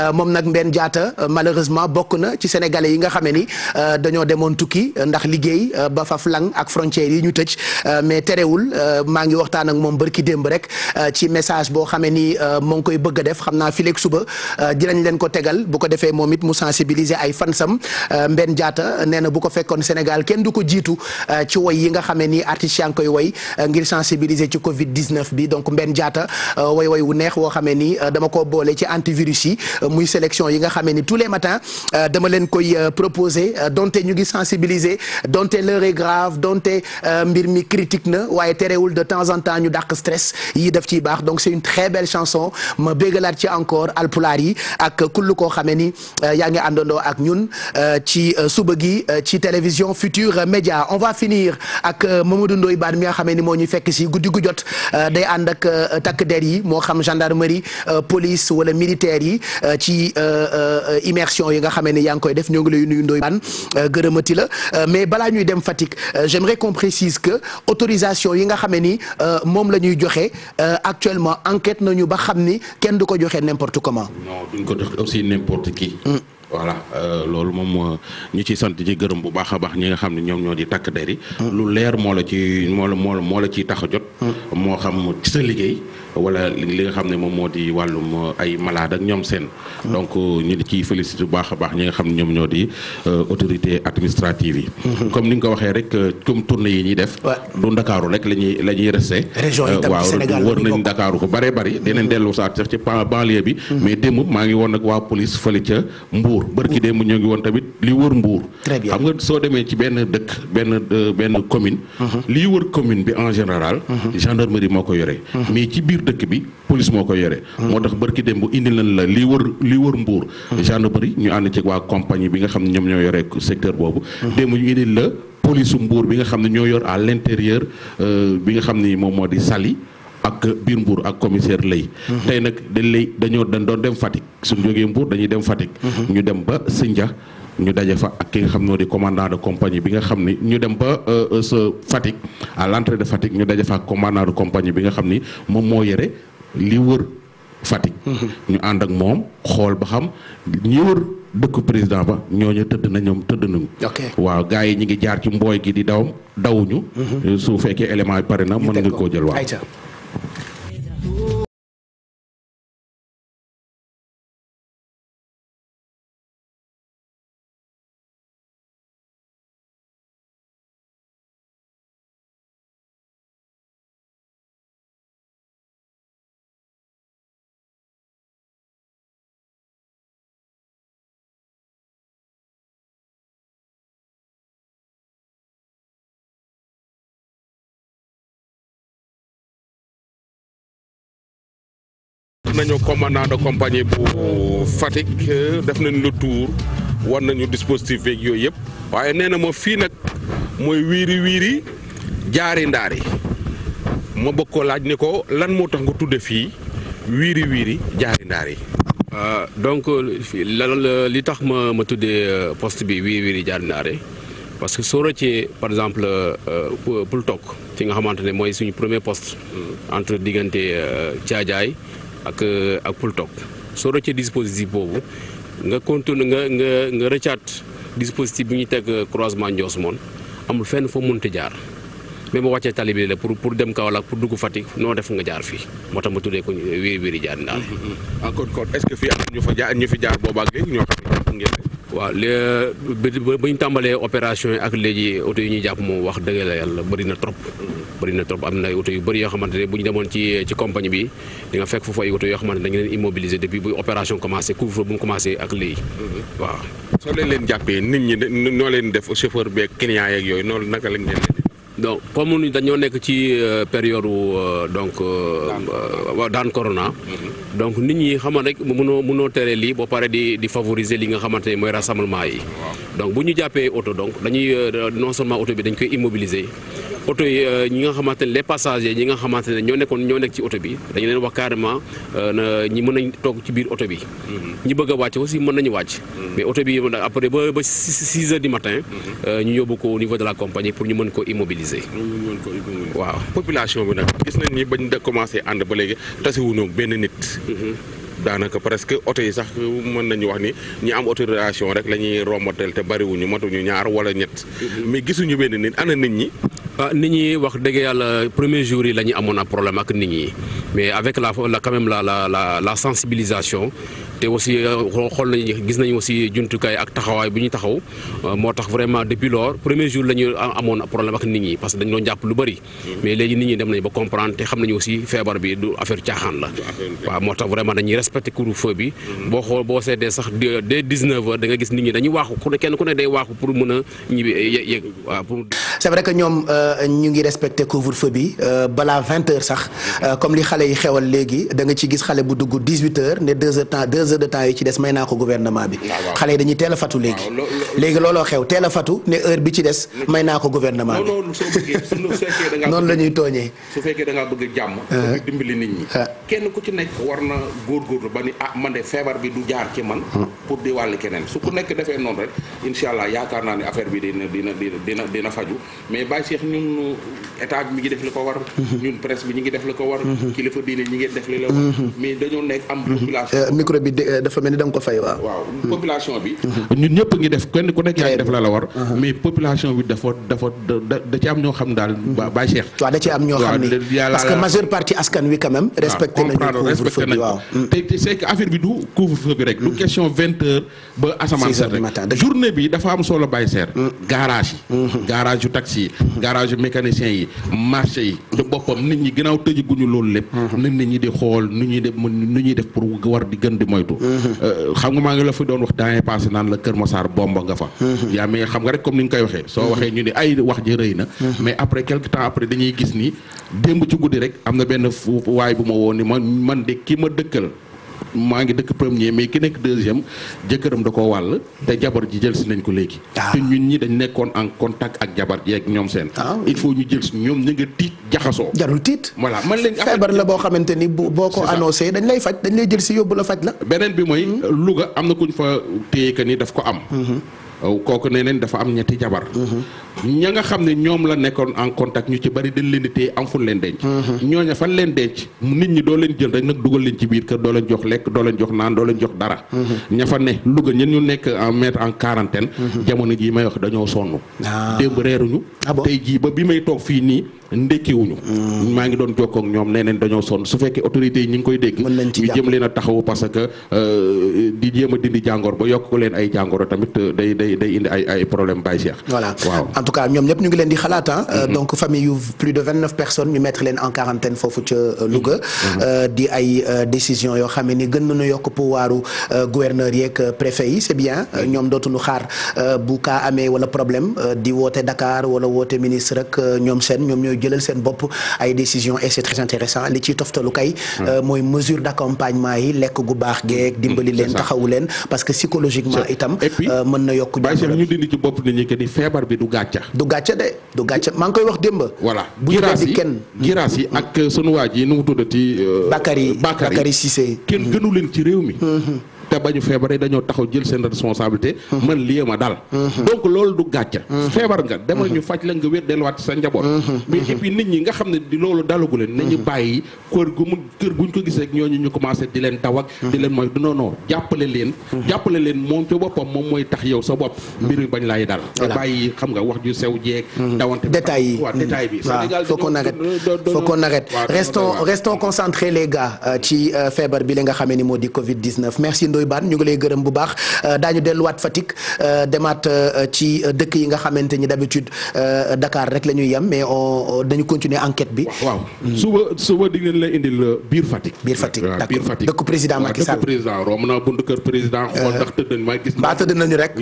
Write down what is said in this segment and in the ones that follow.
Euh, moom nag mbenn jaata euh, malheureusement bokk na ci sénégalais yi nga xamee ni euh, dañoo demoon tukki ndax liggéey ba fa flang ak frontières yi ñu tëj mais terewul maa ngi waxtaan ak moom bërki démb rek ci message boo xamee ni moo ngi koy bëgg def xam naa fileeg suba dinañ leen ko tegal bu ko defee moom it mu sensibiliser ay fansam mbenn jaata nee na bu ko fekkoon Sénégal kenn du ko jiitu ci woy yi nga xamee ni artistes koy woy ngir sensibiliser ci Covid 19 bi donc Mbène Diatta woy woy wu neex woo xamee ni dama ko boole ci antivirus yi muy sélection yi nga xamee ni tous les matins euh, dama leen koy euh, proposer euh, donte ñu gi sensibiliser donte l'heure est grave donte mbir mi critique na waaye terewul de temps en temps ñu dàq stress yi def ci baax donc c'est une très belle chanson ma béggalaat ci encore alpulaar yi ak kullu koo xamee ni yaa ngi àndandoo ak ñun ci suba gi ci télévision future Média on va finir ak Mamadou Ndoye Bane mi nga xamee ni moo ñu fekk si guddi gu jot day ànd ak takk der yi moo xam gendarmerie police wala militaire yi ci euh, euh, immersion yi nga xamee ne yaa ngi koy def ñoo ngi lay nuyu Ndoye Bane euh, gërëmati la mais balaa ñuy dem Fatick j'aimerais qu'on précise que autorisation yi nga xamee ni moom la ñuy joxe actuellement enquête nañu ba xam ni kenn du ko joxe n'importe comment. non duñ ko joxe aussi n'importe qui. Mm. voilà loolu moom ñu ciy sant ci gërëm bu baax a baax ñi nga xam ne ñoom ñoo di takk der yi. Mm. lu leer moo la ci moo la moo la ciy tax a jot. Mm. moo xam ci sa liggéey. wala li nga xam ne moom moo di wàllum uh, ay malade ak ñoom seen. Ah. donc uh, ñu di ciy félicité bu baax a baax ñi nga xam ñoom ñoo di uh, autorité administrative yi. Mm-hmm. comme ni nga ko waxee rek comme tournée yi ñuy def. du Ndakaaru rek la ñuy la ñuy resté. région yi tamit Sénégal waaw wër Ndakaaru ko bare bari. Mm-hmm. dinañ dellu saat sax ci banlieue bi. Mm-hmm. mais démb maa ngi woon ak waa police fële ca Mbour. bërki démb ñoo ngi woon tamit li wër Mbour. très bien xam nga soo demee ci benn dëkk benn benn commune. lii wër commune bi en général. gendarmerie moo ko yore. mais ci biir biir dëkk bi police moo ko yore. moo tax barki dem bu indi lan la lii wër lii wër mbuur. gendarmerie ñu ànd ci waa compagnie bi nga xam ne ñoom ñoo yore secteur boobu. démb ñu bi nga xam ne ñoo yor à l'intérieur euh, bi nga xam ni moom moo di sali ak biir mbuur ak commissaire lay tey nag dañ lay dañoo dañ doon dem Fatick suñ jógee Mbour dañuy dem Fatick ñu dem ba Sindia ñu daje fa ak ki nga xam noo di commandant de compagnie bi nga xam ni ñu dem ba sa euh, euh, Fatick à l'entrée de Fatick ñu daje fa ak commandant de compagnie bi nga xam ni moom moo yore li wër Fatick. Mm-hmm. ñu ànd ak moom xool ba xam ñi wër dëkk président ba ñooñu tëdd na ñoom tëdd nañu. waaw gars yi ñu ngi jaar ci mbooy gi di dawam dawuñu. Mm-hmm. su fekkee élément yi pare na mën nga koo jël waaw. nañu commandant de compagnie bu Fatick euh, def nañ lu tour war nañu dispositif beeg yooyu yëpp waaye nee na ma fii nag mooy wiiri wiiri jaari ndaari ma bëgg ko laaj ni ko lan moo tax nga tudde fii wiiri wiiri jaari ndaari. Euh, donc li tax ma ma tuddee euh, poste bi wiiri wiiri jaari ndaari parce que soo rëccee par exemple Poultok fi nga xamante ne mooy suñu premier poste mm. entre diggante caajaay ak ak pull top soo rëccee dispositif boobu nga contourne nga nga nga rëccaat dispositif bi ñu teg euh, croisement Ndios moon amul fenn mun ti jaar même boo wàccee tali bi la pour pour dem Kaolack pour dugg Fatick noo def nga jaar fi moo tax ma tuddee ko wéeri wéeri jaar ndaal. Mm-hmm. ah kon kon est-ce que fii am ñu fa jaar ñu fi jaar boobu ak léegi ñoo xam ne waaw léegi ba ñu tàmbalee opération yi ak léegi oto yi ñuy jàpp moom wax dëgg la yàlla bëri na trop. bëri na trop am na oto yu bari yoo xamante ne bu ñu demoon ci ci compagnie bi di nga fekk foofu ay oto yoo xamante ne dañu leen immobiliser depuis bu opération commencé couvre-feu bu mu commencé ak léegi. Mm-hmm. waaw soo leen leen jàppee nit ñi noo leen def chauffeur beeg client yeeg yooyu noonu naka lañ leen donc comme dañoo nekk ci euh, période euh, donc. Euh, daan corona. Mm-hmm. donc nit ñi xamal rek munoo mënoo tere lii ba pare di di favoriser li nga xamante ne mooy rassemblement yi. donc bu ñu jàppee oto donc dañuy euh, non seulement oto bi dañ koy immobiliser. oto yi euh, ñi nga xamante ne les ñi nga xamante ne ñoo nekkoon ñoo nekk ci oto bi dañu leen wax carrément euh, na ñi mën nañ toog ci biir oto bi. Mhm. ñi bëgg wàcc aussi mën nañu wàcc. Mhm. mais oto bi après ba ba six heures du matin. Mhm. Euh, ñu ko au niveau la compagnie pour ñu mën ko immobiliser. waaw population bi nag gis nañ ni bañ da commencé ànd ba léegi tasewuñu benn nit. daanaka presque oto yi sax mën nañu wax ni ñi am autorisation rek la ñuy rombatel te bariwuñu matuñu ñaar wala ñett. mais gisuñu benn nit ana nit ñi. ni ah, nit ñi wax dëgg yàlla premier jour yi la ñu amoon a problème ak ni ñi mais avec la la la la la la sensibilisation te aussi euh, xool nañu gis nañu aussi jumtukaay ak taxawaay bu ñuy taxaw euh, moo tax vraiment depuis lors premier jour la amoon problème ak nit ñi parce dañu doon lu bëri. Hmm. mais léegi nit ñi dem nañu ba comprendre te xam nañu aussi feebar bi du affaire caaxaan la. waaw moo tax vraiment dañuy respecté couvre-feu bi. Hmm. boo xool boo seetee sax dès 19 heures da nga gis nit ñi dañuy waaxu kenn ku ne day waaxu pour mën a ñibbi yegg waaw que ñoom euh, ñu ngi respecté deux heures de temps yi ci des may naa ko gouvernement bi ah, xale yi dañuy teel a fatu léegi ah, léegi looloo xew teel a fatu ne heure bi ci des may naa ko gouvernement bi noonu la tooñee su fekkee da bëgg jàmm bëgg ah. dimbali nit ñi kenn ku ci nekk war na góorgóorlu ba ni ah man de feebar bi du jaar ci man pour di wàll keneen su ku nekk defee noonu rek incha allah yaakaar naa ne affaire bi dina faju mais Baye Cheikh ñun état mi ngi def li ko war mhm. ñun presse bi mhm. ñi ngi def Eh, dafa mel ni da nga ko fay waaw. waaw hmm. population bi. Hmm. ñun ñëpp ngi def kenn ku nekk yaa ngi def la la war. mais population bi dafa da ci am ñoo xam daal. Hmm. Baye Cheikh. waaw da ci am ñoo xam ni parce que majeure partie askan wi dafa am solo Baye Cheikh. garage yi. garage yu taxi yi. garage yu mécanicien yi marché yi. te boppam nit ñi gannaaw tëjee guñu loolu lépp. nit ñi di xool nu ñuy def pour war di gën di moytu. yëngatu euh, xam nga maa ngi la fi doon wax temps passé naan la Kër Massar bomb nga fa yaa mais xam nga rek comme ni nga koy waxee soo waxee ñu ni ay wax ji rëy na mais après quelque temps après dañuy gis ni démb ci guddi rek am na benn waay bu ma woo ni ma man de kii ma dëkkal maa ngi dëkk premier mais ki nekk deuxième jëkkëram da koo wàll te jabar ji jël si nañ ko léegi ah. te ñun ñi dañ nekkoon en contact ak jabar ji ak ñoom seen ah, il faut ñu jël si ñoom ñu nga tiit jaxasoo jarul tiit voilà man leen feebar la boo xamante ni boo ko annoncé dañ lay faj dañ lay jël si yóbbu la faj la beneen bi mooy hmm? Louga am na kuñ fa téye que ni daf ko am hmm. kooku nee neen dafa am ñetti jabar hmm. ña nga xam ne ñoom la nekkoon en contact ñu ci bari dañ leen di téye am fu leen denc. Mhm. ñooña fan leen denc nit ñi doo leen jël rek nag dugal leen ci biir kër doo leen jox lekk doo jox naan doo leen dara. Mhm. ña fa ne Louga ñen ñu nekk en mettre en quarantaine. Mhm. jamono jii may wax dañoo sonn. Ah. démb reeruñu. Ah tey jii ba bi may toog fii nii. ndekkiwuñu mm. maa ngi doon jokkoog ñoom nee neen dañoo sonn su fekkee autorité yi ñu ngi koy dégg ñu jëm leen a taxawu parce que euh, di jéem a dindi jàngoor ba yokk leen ay jàngoor tamit euh, day day day indi ay ay problème bàyyi seex voilà tout cas ñoom ñëpp ñu ngi leen di xalaat euh, mm-hmm. donc famille yu plus de vingt neuf personnes ñu mettre leen en quarantaine foofu ca euh, Louga. Mm-hmm. Euh, di ay décision yoo xam ne ni gën na nañu yokk pouvoiru gouverneur yeeg préfet yi c'est bien ñoom dootuñu xaar bu kaa amee wala problème di woote Dakar wala woote ministre k ñoom seen ñoom ñooy jëlal seen bopp ay décision et c'est très intéressant li ciy toftalu kay. Mm. mooy mesure d'accompagnement yi lekk gu baax geeg mm. dimbali leen taxawu leen parce du gàcce de du gàcce maa ngi koy wax démb. voilà giraas yi kenn giraas yi ak sunu waa ji nu mu tuddati. Euh, Bakary Bakary Cissé kenn gënu leen ci réew mi. Mm-hmm. te bañu feebaree dañoo taxaw jël seen responsabilité man lii ma dal donc loolu du gàcca feebar nga demal ñu faj la nga wér delluwaat sa njaboot mais et puis nit ñi nga xam ne di loolu dalagu leen nañu bàyyi kër gu mu kër guñ ko gis rek ñooñu ñu commencé di leen daw di leen mooy non non jàppale leen jàppale leen moom ci boppam moom mooy tax yow sa bopp mbir mi bañ laay dal bàyyi xam nga wax ju sew jeeg mhm. dawante bi mhm. Sénégal faut qu'on arrête faut restons restons Ndoye Bane ñu ngi lay gërëm bu baax euh, daañu delluwaat Fatick euh, demaat euh, ci dëkk yi nga xamante ni d'habitude Dakar rek la ñuy yem mais on dañu continuer enquête bi. waaw hmm. suba suba di ngeen lay indil biir Fatick. biir Fatick d'accord dëkku président Macky Sall. président romb naa buntu kër président. xool ndax tëdd nañu waaye gis naa. mbaa tëdd nañu rek.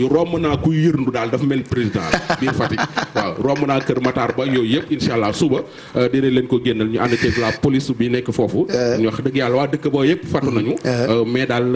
allah suba dinañ leen ko génnal ñu ànd ceeg la police bi nekk foofu. ñu wax dëgg yàlla waa dëkk boobu yëpp fàttu nañu mais daal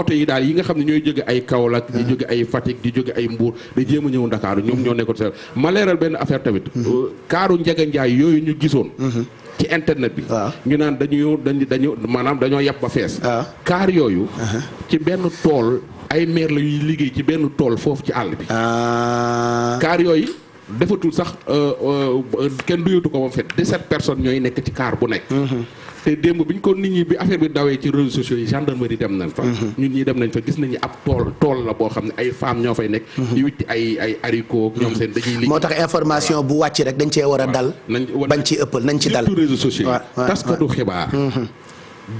oto yi daal yi nga xam ne ñooy jóge ay Kaolack di jóge ay Fatick di jóge ay Mbour di jéem a ñëw Ndakaaru ñoom ñoo nekkoon seen ma benn affaire tamit mhm. euh, kaaru Njaga Njaay yooyu ñu gisoon mhm. ci internet bi ñu naan dañu dañu dañu maanaam dañoo yàpp ba fees kaar yooyu uh-huh. ci benn tool ay maire la ñuy liggéey ci benn tool foofu ci àll bi ah. kaar yooyu defatul sax euh, euh, kenn duyatu ko moom fet dix-sept personnes ñooy nekk ci kaar bu nekk mhm. te démb bi ñu ko nit ñi bi affaire bi dawee ci réseaux sociaux yi gendarmerie dem nañ fa. Mm-hmm. ñun ñi dem nañ fa gis nañu ab tool tool la boo xam ne ay femmes ñoo fay nekk. Mm-hmm. moo tax information bu wàcc rek dañ cee war a dal. nañ bañ ci ëppal nañ ci dal surtout réseaux sociaux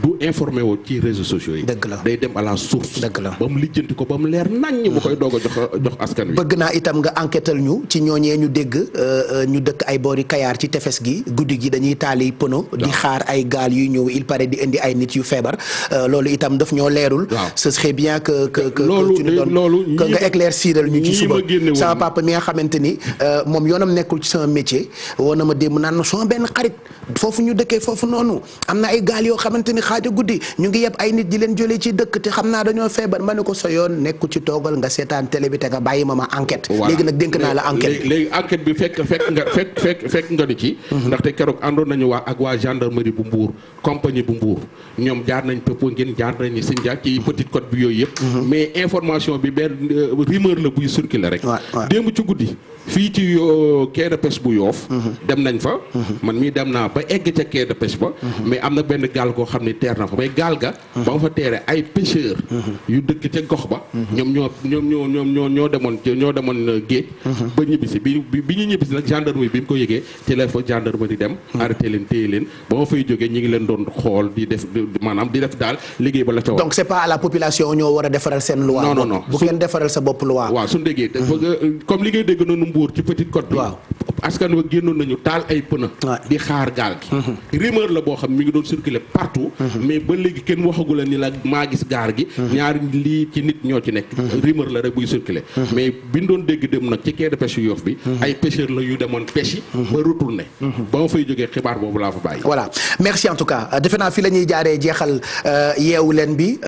du informé woo ci réseaux sociaux yi. dëgg la day dem a la source. dëgg la ba mu lijjanti ko ba mu leer naññ. bu koy doog a jox jox askan wi. bëgg naa itam nga enquêtal ñu ci ñooñee ñu dégg euh, euh, ñu dëkk ay boori kayaar ci tefes gi guddi gi dañuy taali pono. di xaar ay gaal yuy ñëw il paraît di indi ay nit yu feebar euh, loolu itam daf ñoo leerul. ce serait bien que que que. loolu loolu que nga éclairciral ñu ci suba sama papa mi nga xamante moom yoonam nekkul ci sama métier woon ma démb naan sama benn xarit foofu ñu dëkkee foofu noonu am na bi xaaju guddi ñu ngi yeb ay nit di leen jëlee ci dëkk te xam naa dañoo feebar ma ne ko sa yoon nekku ci toogal nga seetaan télé bi nga bàyyi ma ma enquête léegi nag dénk naa la enquête léegi enquête bi fekk fekk nga fekk fekk fekk nga di ci mhm. ndaxte keroog àndoon nañu waa ak waa gendarmerie bu Mbour compagnie bu Mbour ñoom jaar nañ pëppo ngeen jaar nañu seen jaar ci petite côte bi yooyu yëpp mhm. mais information bi benn euh, rumeur la buy circuler rek démb ci guddi fii ci euh, quai de bu yoof mhm. dem nañ fa mhm. man mii dem naa ba egg ca quai de ba mhm. mais am na benn gaal koo xam ne teer na fa mais gaal ga ba ma fa teere ay pêcheur yu dëkk ca gox ba ñoom ñoo ñoom ñoo ñoom ñoo ñoo demoon ñoo demoon euh, géej ba ñibbisi bi bi ñu ñibbisi nag gendarmerie bi mu ko yëgee ci la fa gendarmerie dem arrêté leen téye leen ba ma fay ngi leen doon xool di def maanaam di def daal liggéey ba la ca donc c'est pas à la population ñoo war seen loi non non non bu kenn defaral sa bopp loi su ñu déggee euh, comme li ngay dégg ci Petite Côte bi askan wa génnoon nañu taal ay pneu di xaar gaal gi mm-hmm. rumeur la boo xam mi ngi doon circuler partout mm-hmm. mais ba léegi kenn waxagu ni la maa gis gi mm-hmm. ñaari lii ci nit ñoo ci nekk rumeur la rek buy circuler mais bi doon dégg dem nag ci quai de pêche yu Yoff bi ay pêcheurs la yu demoon pêche ba retourné ba ma fay jógee xibaar boobu laa fa bàyyi voilà merci en tout cas defe naa fi la jaaree jeexal euh, yeewu leen bi